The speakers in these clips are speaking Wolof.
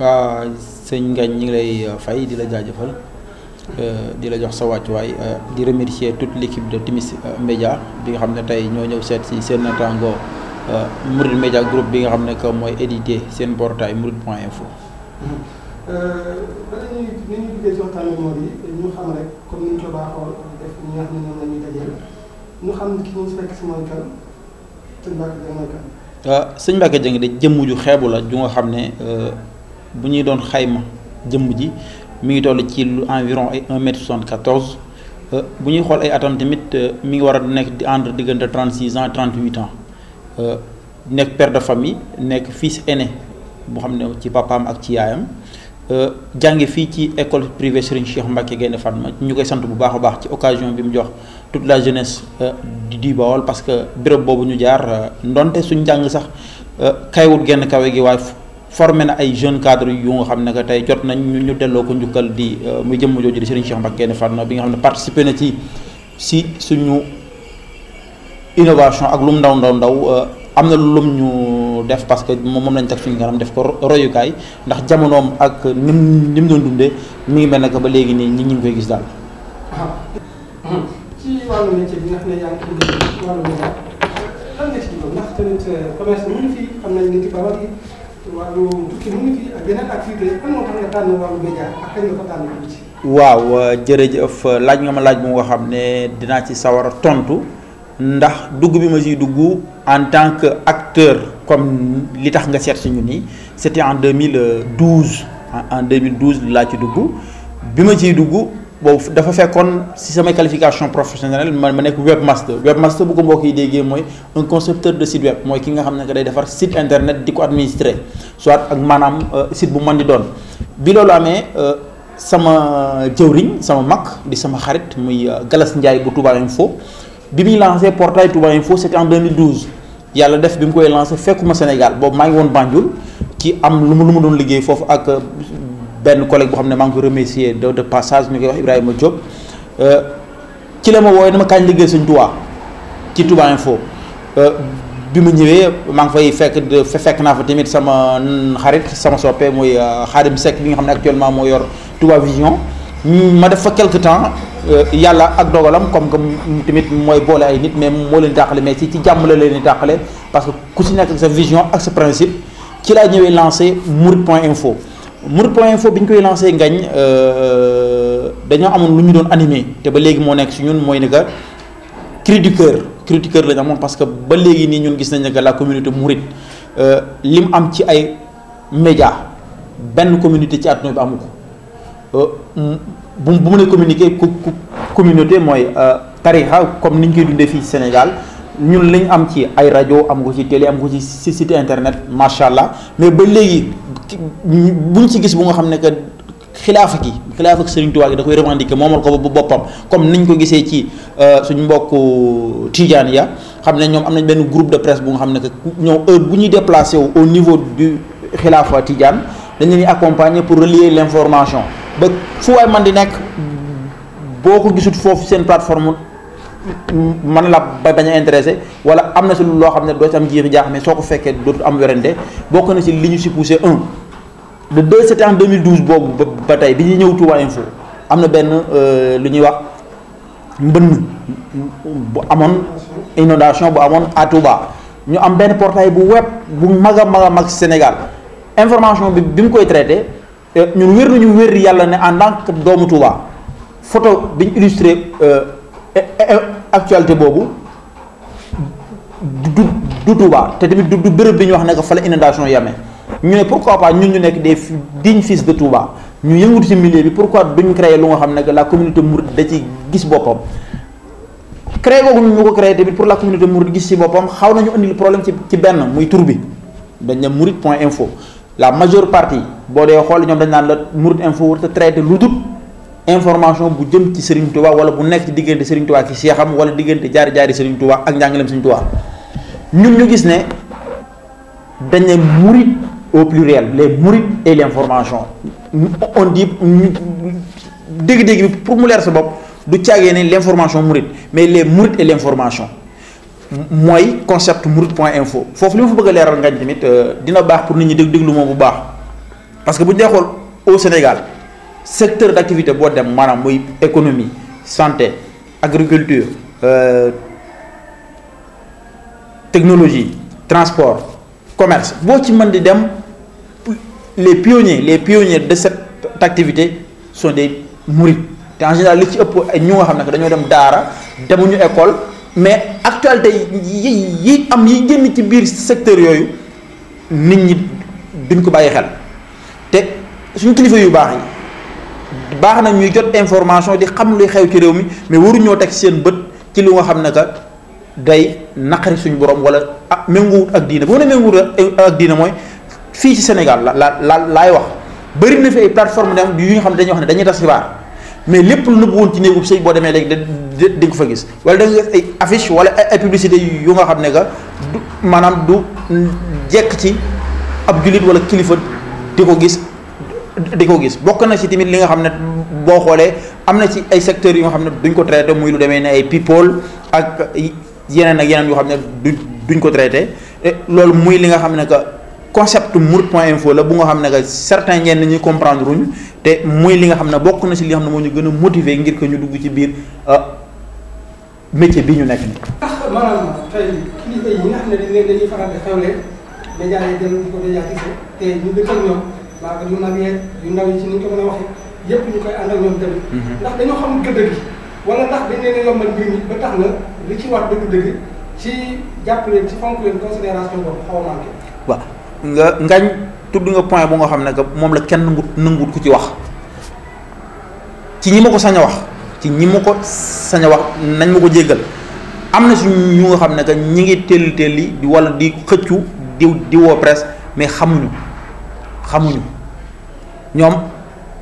waaw sëñ Ngañ ñi ngi lay euh, fay di la jaajëfal euh, di la jox sa wàccuwaay euh, di remercier toute l'équipe de Timis Média bi nga xam ne tey ñoo ñëw seet si seen natango Mouride Média groupe bi nga xam ne mooy édité seen portail mouride point info. ba ñu ñu duggee ci yi ñu xam rek comme ni ñu def nga xam ne ñoom la ñuy dajeel ki ñu fekk si mooy sëñ Mbacke Dieng mooy kan. sëñ Mbacke Dieng de jëmm ju xeebu la ju nga xam ne. bu ñuy doon xayma jëmm ji mi ngi toll ci lu environ ay 1 mètre 74 euh, bu ñuy xool ay atam tamit euh, mi ngi war a nekk di entre diggante 36 ans 38 ans euh, nekk père de famille nekk fils aîné boo xam ne ci papaam ak ci yaayam jànge fii ci école privée Serigne Cheikh Mbacké Gaïndé Fatma ñu koy sant bu baax a baax ci occasion bi mu jox toute la jeunesse du diibawal parce que béréb boobu ñu jaar ndonte suñ jàng sax kayawut genn kawe gi waaye formé na ay jeune cadre yu nga xam ne que tey jot nañ ñu delloo ko njukkal di euh, mu jëmm jooju di Serigne Cheikh Mbacké Gaïndé Fatma bi nga xam ne participé na ci si suñu innovation ak lu ndaw ndaw ndaw euh, am na lu lum ñu def parce que moom lañ teg suñu kanam def ko royukaay ndax jamonoom ak nim nim doon dundee mi ngi mel na que ba léegi nii ñi ngi koy gis daal. wàllu tukki mu euh, laaj nga ma laaj bu nga xam ne dinaa ci sawar a tontu ndax dugg bi ma ciy duggu en tant que acteur comme li tax nga seet si ñu nii c'était en 2012 en 2012 laa ci dugg bi ma ciy dugg. boobu dafa fekkoon si samay qualification professionnelle ma ma nekk webmaster webmaster bu ko mbokk yi déggee mooy un concepteur de site web mooy ki nga xam ne day defar site internet di ko administrer soit ak manam euh, site bu mën di doon bi loolu amee euh, sama jëwriñ sama mag di sama xarit muy euh, Galas Ndiaye bu Touba Info bi muy lancé portail Touba Info c'était en 2012 yàlla def bi mu koy lancé fekkuma Sénégal boobu maa ngi woon Banjul ci am lu mu lu mu doon liggéey foofu ak ben collègue boo xamné mang ko remercier de de passage ñu koy wax Ibrahima euh ci la ma wooyee dama kañ liggéey sëñ Touba ci Touba Info euh bima ñëwé mang fay fekk de fekk naa fa tamit sama xarit sama soppe moy euh, Xaadim Seck bi nga xamné actuellement mo yor Touba Vision ma def fa quelque temps euh, yalla ak dogalam comme que timit moy bolé ay nit mais mo leen tàqale mais si ci jamm la leen di tàqale parce que ku ci nekk sa vision ak sa principe ci la ñëwé lancer Mourides info Mourides point info koy lancé ngagne euh dañu amone luñu doon animé te ba légui mo nek ci ñun moy ne que cri du cœur cri du cœur parce que ba légui ni ñun gis nañ ne la communauté mouride euh lim am ci ay média ben communauté ci àdduna bi amuko euh bu mu né communiqué ku communauté mooy euh, tariha comme ni ñu koy dundee Sénégal ñun liñ am ci ay radio, am ko ci télé am ko ci site internet machallah mais ba légui buñ ci gis bu nga xamné que khilafa gi khilafa ak serigne touba gi da koy revendiquer momal ko bu bopam comme niñ ko gisé ci euh suñ mbokk tidiane ya xamné ñom amnañ ben groupe de presse bu nga xamné que ñoo heure bu déplacer au niveau du khilafa tidiane dañ leen accompagner pour relier l'information ba fu way man di nek boko ko gisut foofu seen plateforme man la baña intéressé wala amna na lo xamné do ne doo ci am jiixi jaax mais soo ko fekkee am werante bokk na ci liñu ñu si poussé le 2 septembre 2012 bobu batay tey bi ñëw Touba Info amna ben euh lu wax mbeun bu amone inondation bu amone à Touba ñu am ben portail bu web bu maga maga mag Sénégal information bi bi koy traité euh, ñun wér ñu wér yalla né en tant que doomu Touba photo bi ñu euh actualité bobu du du Touba té tamit du bëreub bërëb bi ñu wax ne fa la inondation yamee ñu ne pourquoi pas ñun ñu nek des dignes fils de Touba ñu yëngatu ci milieu bi pourquoi duñ créer lu nga xam ne que la communauté mouride da ci gis bopam créé googu ñu ko créé tamit pour la communauté mouride gis ci bopam xaw nañu indil problème ci ci benn muy tur bi dañ ne mouride la majeure partie bo dé xol ñom dañ naan la mouride info war a traité lu dul information bu jëm ci Serigne Touba wala bu nekk ci diggante Serigne Touba ki seexam wala diggante jaar-jaari Serigne Touba ak njàngaleem Serigne Touba ñun ñu gis ne dañ ne murit au pluriel les mourides et l'information on dit dégg-dégg bi pour mu leer sa bopp du caagee ne l'information mouride mais les mourides et l'information mooy concept mouride point info foofu li ma fa bëgg a leeral ngañ tamit euh, dina baax pour nit ñi dégg déglu moom bu baax parce que bu ñu dee xool au Sénégal secteur d'activité économie santé agriculture euh, technologie transport commerce Si les pionniers les pionniers de cette activité sont des mouris. en général li ci ëpp ay des nga xam écoles, mais actualité yi yi am yi génn ci secteur yoyu nit ñi duñ ko bàyyi xel té suñu yu baax na ñuy jot information di xam luy xew ci réew mi mais waruñoo teg seen bët ci lu nga xam ne ka day naqari suñu borom wala ak ah méngoowut ak diina boo ne méngoowut ak diina mooy fii ci Sénégal la la laay wax bëri na fi ay plateforme dem yu ñu xam ne dañuy wax ne dañuy tas xibaar mais lépp lu nëbb woon ci néegub sëy boo demee léegi da di nga fa gis wala da nga def ay affiche wala ay publicité yu nga xam ne ka du maanaam du jekk ci ab jullit wala kilifa di ko gis di ko gis bokk na si tamit li nga xam ne boo xoolee am na ci ay secteurs yu nga xam ne duñ ko traité muy lu demee ne ay people ak yeneen ak yeneen yoo xam ne du duñ ko traité loolu muy li nga xam ne que concept mourides point info bu nga xam ne que certains ñenn ñi comprendre uñ te muy li nga xam ne bokk na ci nga xam moo ñu gën a motiver ngir que ñu dugg ci biir euh, métier bi ñu nekk nii. maa ngi yu mag yeeg yu ndaw yi ci ni ñu ko mën a waxee yëpp ñu koy ànd ak ñoom tamit. Mhm. ndax dañoo xam gëdd gi. wala ndax dañ leen a yombal mbir mi ba tax na li ci war dëgg-dëgg ci jàpp leen ci fonk leen considération boobu xaw a manqué. waaw nga ngañ tudd nga point bu nga xam ne que moom la kenn nangut nangut ku ci wax ci ñi ma ko sañ a wax ci ñi ma ko sañ a wax nañ ma ko jéggal am na suñu ñu nga xam ne que ñi ngi telli telli di wala di xëccu di diwoo presse mais xamuñu xamuñu ñoom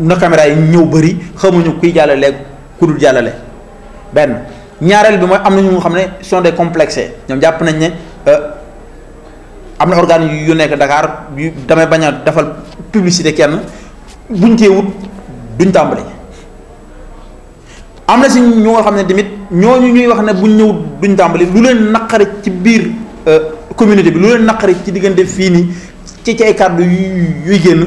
na caméra yi ñëw bari xamuñu kuy jàllale ku dul jàllale benn ñaareel bi mooy am na ñu nga xam ne sont des complexés ñoom jàpp nañ ne euh, am na organe yu nekk Dakar yu damay bañ a defal publicité kenn buñ cee duñ tàmbali am na si ñu nga xam ne tamit ñooñu ñuy wax ne buñ ñëwut duñ tàmbali lu leen naqari ci biir euh, communauté bi lu leen naqari ci diggante fii nii ci ci ay kàddu yuy génn.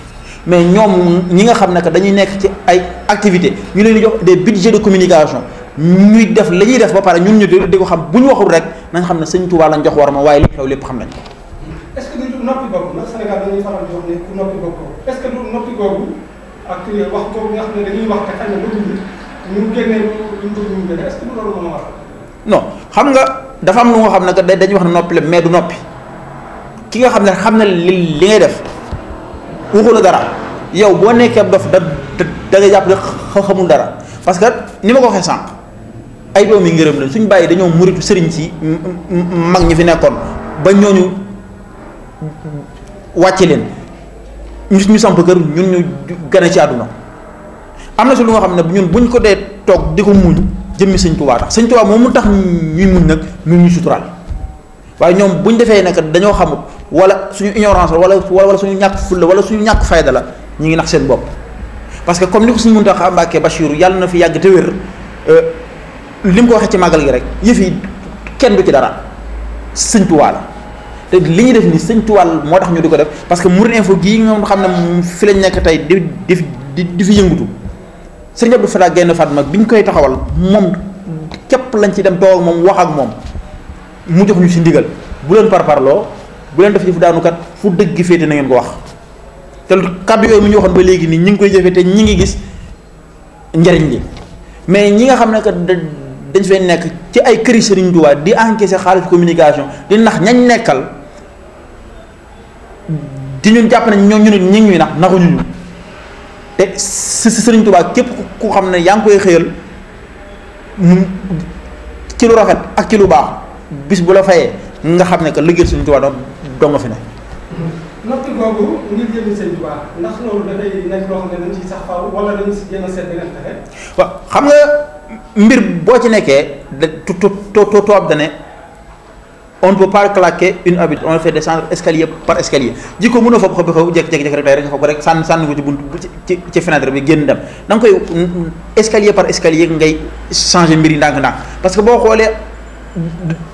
mais ñoom ñi nga xam ne que dañuy nekk ci ay activité ñu leen di jox des budgets de communication ñuy def la ñuy def ba pare ñun ñu di ko xam bu ñu waxul rek nañ xam ne sëñ Tuubaa lañ war ma waaye li xew lépp xam nañ ko. dañuy wax ne noppi xam nga dafa am lu xam ne que dañuy wax ne la mais du noppi ki nga xam ne xam na li li ngay def waxu dara yow boo nekkee daf da da nga jàpp ne xamul dara parce que ni ma ko waxee sànq ay doomi ngërëm lañ suñ bàyyi dañoo muritu sëriñ si mag ñi fi nekkoon ba ñooñu wàcce leen ñu ñu samp kër ñun ñu gane ci àdduna am na si lu nga xam ne ñun buñ ko dee toog di ko muñ jëmmi sëñ tubaa tax sëñ tubaa moom mu tax ñuy muñ nag ñun ñu suturaal waaye ñoom buñ defee nag dañoo xamut wala suñu ignorance la wala wala suñu ñàkk fulla wala suñu ñàkk fayda la ñu ngi nax seen bopp parce que comme ni ko suñu Muntaxa Mbàkke Bachiru yàlla na fi yàgg te wér euh, li mu ko waxee ci màggal gi rek yëf yi kenn du ci dara sëñ Tuubaa la te li ñu def ni sëñ Tuubaa moo tax ñu di ko def parce que Mourides Info gii nga xam ne fi lañ nekk tey di di di fi yëngutu sëñ Abdou genn Gaynde Fatma bi ñu koy taxawal moom képp lañ ci dem toog moom wax ak moom mu jox ñu si ndigal bu par loo bu leen def yëfu daanukat fu dëgg gi féete na ngeen ko wax te kàddu yooyu mu ñu waxoon ba léegi nii ñi ngi koy jëfee te ngi gis njariñ li mais ñi nga xam ne que dañ fay nekk ci ay këri Sëriñ Tuubaa di encaisser xaalis communication di nax ñañ nekkal di ñun jàpp nañ ñoo ñu nit ñi ñuy nax naxuñu ñu te si Sëriñ Tuubaa képp ku xam ne yaa ngi koy xëyal mu ci lu rafet ak ci lu baax bis bu la fayee nga xam ne que liggéey Sëriñ Tuubaa doo fi ne. nattu googu ngir jënd seigne touba ndax lolu da day nek lo ne dañ ci sax faaw wala dañ ci jëna a seet taxé wa xam nga mbir bo ci nekké to to to tu on peut pas claquer une habitude on fait descendre escalier par escalier jikko mënoo fab xëpp xëpp jek jek rek rek nga fab rek san san ko ci buntu ci fenêtre bi genn dem dang koy escalier par escalier ngay changer mbiri ndank ndank parce que bo xolé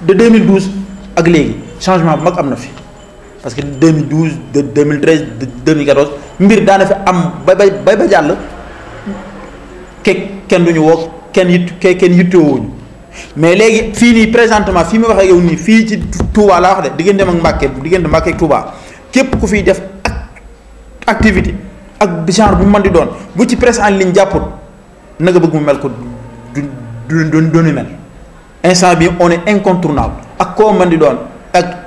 de 2012 ak légui changement bu mag am fi. parce que 2012 de 2013 de 2014 mbir daana fi am bay bay ba jàll ke ken duñu woo ken it ke ken yitté wuñ mais légui fii nii présentement fi mi wax ak yow ni fi ci Touba la wax de diggante ak mbacké diggante Mbàkke ak Touba képp ku fi def ak activité ak genre bu mën di doon bu ci presse en ligne jàpput na nga bëgg mu mel ko du du du mel instant bi on est incontournable ak ko mën di doon ak.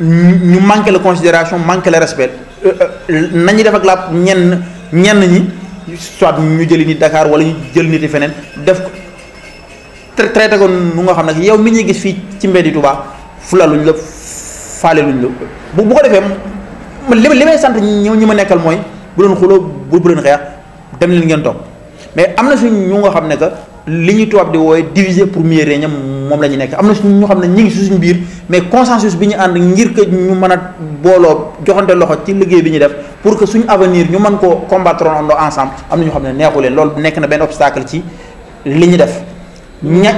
ñu manqué la considération manqué le respect euh, euh, nañu def ak la ñenn ñenn ñi soit ñu jëli nit dakaar wala ñu jël nit yi feneen def ko traité ko nu nga xam nag yow mi ñuy gis fii ci mbeddi Touba fulaluñ la faale luñ la bu bu ko defee li li may sant ñi ñi ma nekkal mooy bu leen xuloo bu bu leen xeex dem leen ngeen toog mais am na suñ ñu nga xam ne que liñu ñuy di wooye diviser pour mieux régner moom la ñu nekk am na suñu xam ne ñu ngi suñu biir mais consensus bi ñu ànd ngir que ñu mën a booloo joxante loxo ci liggéey bi ñu def pour que suñu avenir ñu mën koo combattre andoo ensemble am na ñoo xam ne neexu leen loolu nekk na benn obstacle ci li ñu def. ña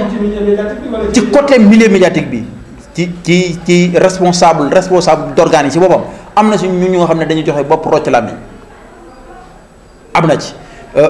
ci côté milieu médiatique bi ci ci ci responsable responsable d'organe yi ci am na suñu ñu nga xam ne dañu joxe bopp rocc làmmiñ am na ci. Euh,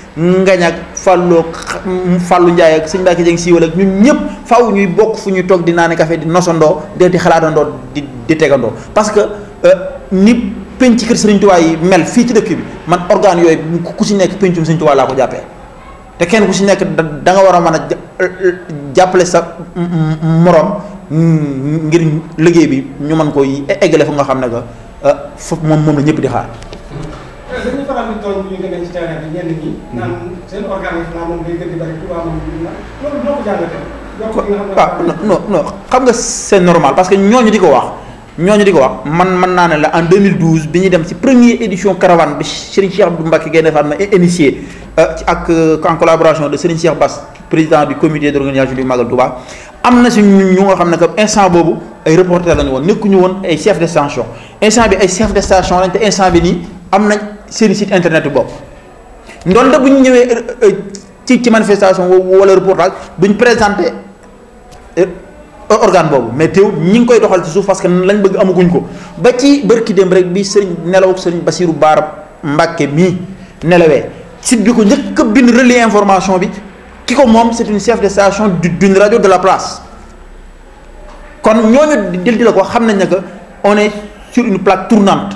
ngañ ak fàlloog fàllu njaay ak sëñ Mbàkke Jeng siiwal ak ñu ñëpp faw ñuy bokk fu ñuy toog di naan café di nosandoo de di xalaatandoo di di tegandoo parce que euh, ni penc kër sëriñ Tuubaa yi mel fii ci dëkk bi man organe yooyu ku si nekk pencum sëriñ Tuubaa laa ko jàppee te kenn ku si nekk da nga war a mën a jàppale sa moroom ngir liggéey bi ñu mën ko e-, eggale fu nga xam ne que euh, foofu moom moom la ñëpp di xaar dañ ñu faral di tooñ bu ñu demee ci terrain bi ñenn ñi. Hmm. naan seen organisme la moom day gën di bari Touba moom loolu doo ko jàngatee. waaw non non xam nga c'est normal parce que ñooñu di ko wax. ñooñu di ko wax man mën naa ne la en 2012 bi ñuy dem ci première édition caravane bi Serigne Cheikh Abdou Mbacké Gaïndé Fatma initié euh, ak euh, en collaboration de Serigne Cheikh Bass président du comité d'organisation du Magal Touba am na si ñu nga xam ne que instant boobu ay reporter lañu woon nekkuñu woon ay chef de station instant bi ay chef de station lañ te instant bi nii am nañ le site internet bopp ndonte buñ euh, euh, ci ci manifestation wala reportage présenté euh, organe mais koy doxal parce que lañ bëgg amaguñ ko ba ci dem rek bi a information bi c'est une chef de station d'une radio de la place kon ñooñu dil di xam on est sur une plaque tournante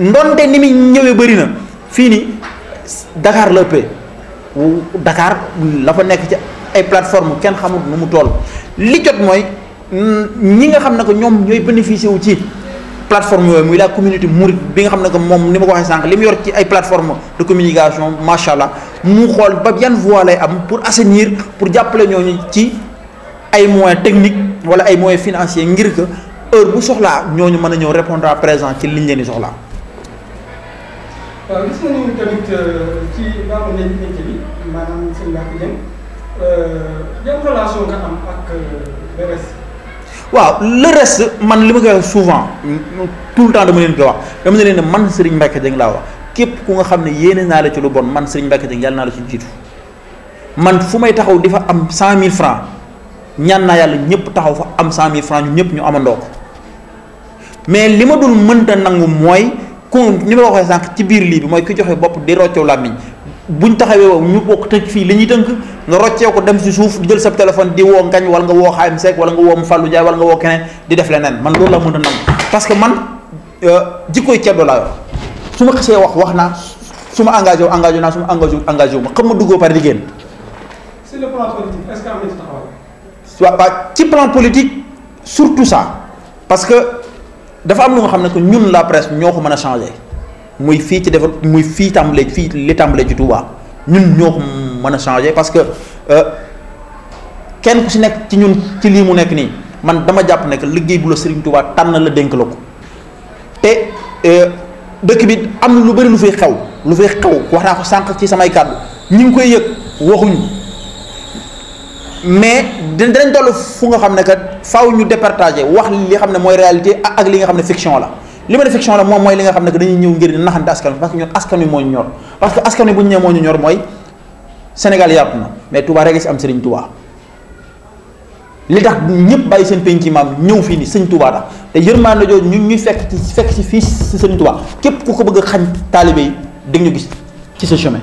ndonte ni muy ñëwee bari na fii nii Dakar la ëppee Dakar la fa nekk ci ay plateforme kenn xamul nu mu toll li jot mooy mm, ñi nga xam ne que ñoom ñooy bénéficier wu ci plateforme yooyu muy la communauté mouride bi nga xam ne que moom ni ma ko waxee sànq li mu yor ci ay plateforme de communication macha allah mu xool ba yan voie lay am pour assainir pour jàppale ñooñu ci ay moyens techniques wala ay moyens financiers ngir que heure bu soxlaa ñooñu mën a ñëw répondre présent ci liñ leen di soxlaa waaw gis nañu tamit euh, euh, euh, man li ma ko wax souvent tout le temps dama leen koy wax dama ne leen man Serigne Mbacke Dieng laa wax képp ku nga xam ne yéene naa la ci lu bon man Serigne Mbacke Dieng yàlla naa la ci jiitu man fu may taxaw di fa am cent mille francs ñaan naa yàlla ñëpp taxaw fa am cent mille francs ñu ñëpp ñu amandoo ko mais li ma dul mënta nangu mooy. kon ni ma la waxee sànq ci biir lii bi mooy ki joxe bopp di roccew làmmiñ buñ taxawee wow ñu bokk tëj fii li ñuy tënk nga roccee ko dem si suuf jël sa téléphone di woo ngañ wala nga woo xaayam seek wala nga woo Fallou Ndiaye wala nga woo keneen di def leneen man loolu laa mën a nangu parce que man euh, jikkooy ceddo laa yor su ma xësee wax wax naa su ma engagé wu engagé naa su ma engagé wu engagé wu ma xam ma duggoo par liggéeyam. sur le plan politique est-ce que am na surtout ça dafa am lu nga xam ne que ñun la presse ñoo ko mën a changé muy fii ci defar muy fii tàmbalee fii li tàmbalee ci Touba ñun ñoo ko mën a changé parce que euh, kenn ku si nekk ci ñun ci lii mu nekk nii man dama jàpp ne liggéey bu la Serigne tuba tànn la dénk la ko te euh, dëkk bi am lu bëri lu fay xew lu fay xew wax naa ko sànq ci samay kàddu ñi ngi koy yëg waxuñu mais dinañ toll fu nga xamne ne kat faaw ñu départager wax li xam ne mooy réalité ak li nga xamne fiction la li ma fiction la mom moy li nga xamne dañ que ngir di naxante askan parce que ñun askan wi moo ñor parce que askan wi bu ñu nee moo ñor moy Sénégal yaatu na mais Touba rek am Serigne Touba li tax ñepp bay seen penc maam ñëw fi ni serigne Touba tax te yermane jooju ñu ñuy fekk ci fekk ci fii si Touba kep ku ko bëgg a xañ taalibe yi di ñu gis ci ce chemin.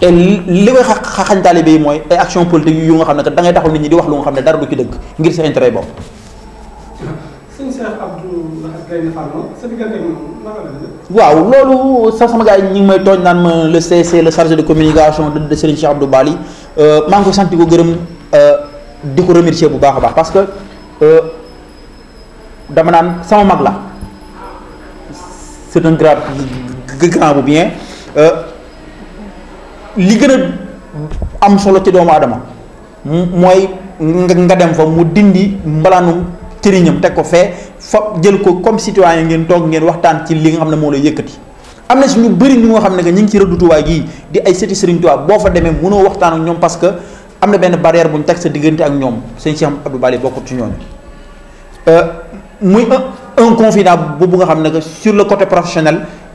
te li koy xaxañ taalibe yi mooy ay action politique yu nga xam ne que da ngay taxaw nit ñi di wax lu nga xam ne dara du ci dëgg ngir sa intérêt bopp. sëñ Cheikh Abdou Lahad Gaïndé Fatma sa diggante moom naka la waaw loolu sax sama gars yi ñu ngi may tooñ naan ma le CC le chargé de communication de Serigne Cheikh Abdou Bali euh, maa ngi ko sant ko gërëm euh, di ko remercier bu baax a baax parce que euh, dama naan sama mag la c'est un grand grand bu bien. li gën a am solo ci doomu aadama mooy nga dem fa mu dindi mbalaanum cëriñam teg ko fee fa jël ko comme citoyen ngeen toog ngeen waxtaan ci li nga xam ne moo lay yëkkati am na si ñu bëri ñu nga xam ne que ñu ngi ci rëddu Tuubaa gii di ay sëti Sëriñ Tuubaa boo fa demee mënoo waxtaan ak ñoom parce que am na benn barrière buñ ñu teg sa diggante ak ñoom sëñ Cheikh Abdou Bali bokkut ci ñooñu euh, muy un confident bu bu nga xam ne que sur le côté professionnel.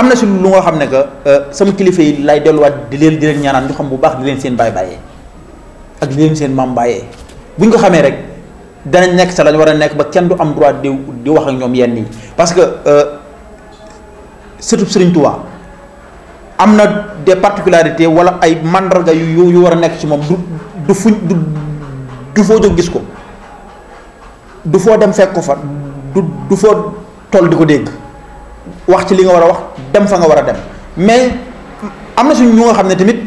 am na si lu nga xam ne que euh, sama kilifa yi lay delluwaat di leen di leen ñaanaan ñu xam bu baax di leen seen baay bàyyee ak di leen seen maam buñ ko xamee rek danañ nekk sa lañu war a nekk ba kenn du am droit di di wax ak ñoom yenn yi parce que euh, surtout Serigne Touba na des particularités wala ay mandarga yu yu war a nekk ci moom du du fuñ du foo jóg gis ko du foo dem fekk ko fa du du foo toll di ko dégg wax ci li nga war a wax. dem fa nga war a dem mais am na suñ ñu nga xam ne tamit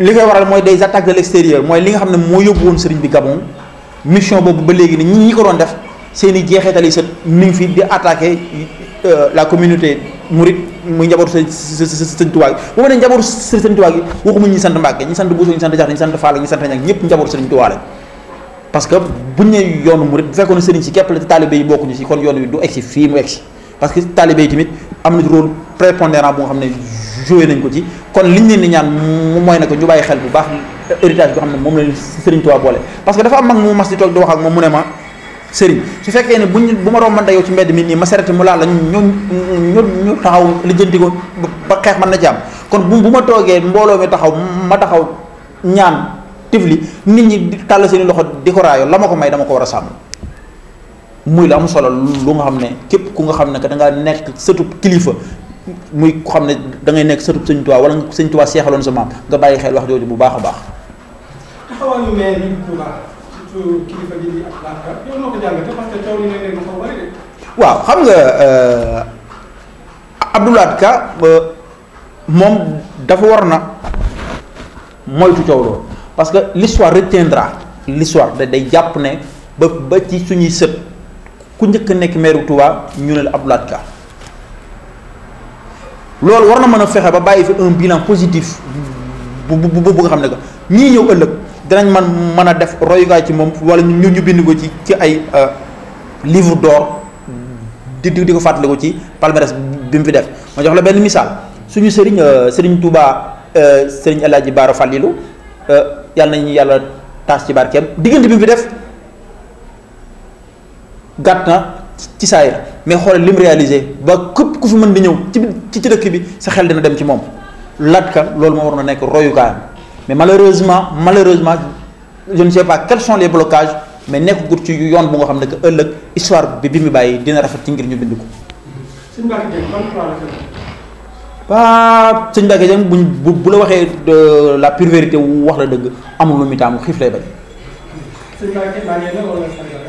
li koy waral mooy des attaques de l'extérieur mooy li nga xam ne moo yóbbu woon sëriñ bi Gabon mission boobu ba léegi ni ñi ñi ko doon def seen i jeexital sa ni fi di attaquer euh, la communauté mouride muy njabootu sa sëñ Tuubaa gi bu ma ne njabootu sëñ Tuubaa gi waxuma ñi sant Mbàkke ñi sant Buuso ñi sant Jaxate ñi sant Faal ñi sant Ñaŋ ñëpp njabootu sëriñ Tuubaa la parce que buñ ne yoonu murid bu fekkoon sëriñ si képp la talibé yi bokkuñu si kon yoon wi du egsi fii mu egsi parce que taalibe yi tamit am na rôle prépondérant bu nga xam ne joué nañ ko ci kon li liñ leen di ñaan mooy na ko ñu bàyyi xel bu baax héritage boo xam ne moom la Serigne Touba boole parce que dafa am mag mu mas di toog di wax ak moom mu ne ma Serigne su fekkee ne buñ bu ma rombante yow ci mbedd mi nii ma sereti mu laal la ñu ñu ñu taxaw lijjanti ko ba xeex man na ci am kon bu bu ma toogee mbooloo mi taxaw ma taxaw ñaan tifli nit ñi tàll seeni loxo ko raayoo la ma ko may dama ko war a muy lu am solo lu nga xamne kep ku nga xamne ne da nga nek sëtub kilifa muy ku xamne da ngay nek sëtub seigne touba wala seigne touba seexaloon sa maam nga bàyyi xel wax jooju bu baax a baax taxawaayu maire yi bu waaw xam nga euh abdoulaad ka euh, mom dafa warna na moytu ciowlo parce que l'histoire retiendra l'histoire day japp ne ba ci suñuy seut ku njëkk a nekk maire Touba ñu ne la Abdou Lahad Ka loolu war na mën a fexe ba bàyyi fi un bilan positif bu bu bu nga xam ne que ñii ñëw ëllëg danañ man mën a def royukaay ci moom wala ñu ñu bind ko ci ci ay euh, livre door di di ko fàttali ci palmarès bi mu fi def ma jox la benn misaal suñu sëriñ euh, sëriñ Touba euh, sëriñ El ji Baara Fallilou yàlla nañu yàlla taas ci barkeem diggante bi mu fi def. gàtt ci saay la mais xol lim réalisé ba képp ku fi mën di ñew ci ci ci dëkk bi sa xel dina dem ci mom Lat Ka loolu moo war na royu royukaayam mais malheureusement malheureusement je ne sais pas quels sont les blocages mais nek gut ci yoon bu nga xamne ne que ëllëg histoire bi bi mu bàyyi dina rafet ci ngir ñu bind ko. sëñ Mbacke Dieng ban plan la waaw sëñ Mbacke buñ bu la waxee la pure vérité wax la dëgg amul lu muy taamu xiif lay bañ. sëñ Mbacke maa ngi leen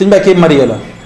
sëñ Mbàkke Mariama la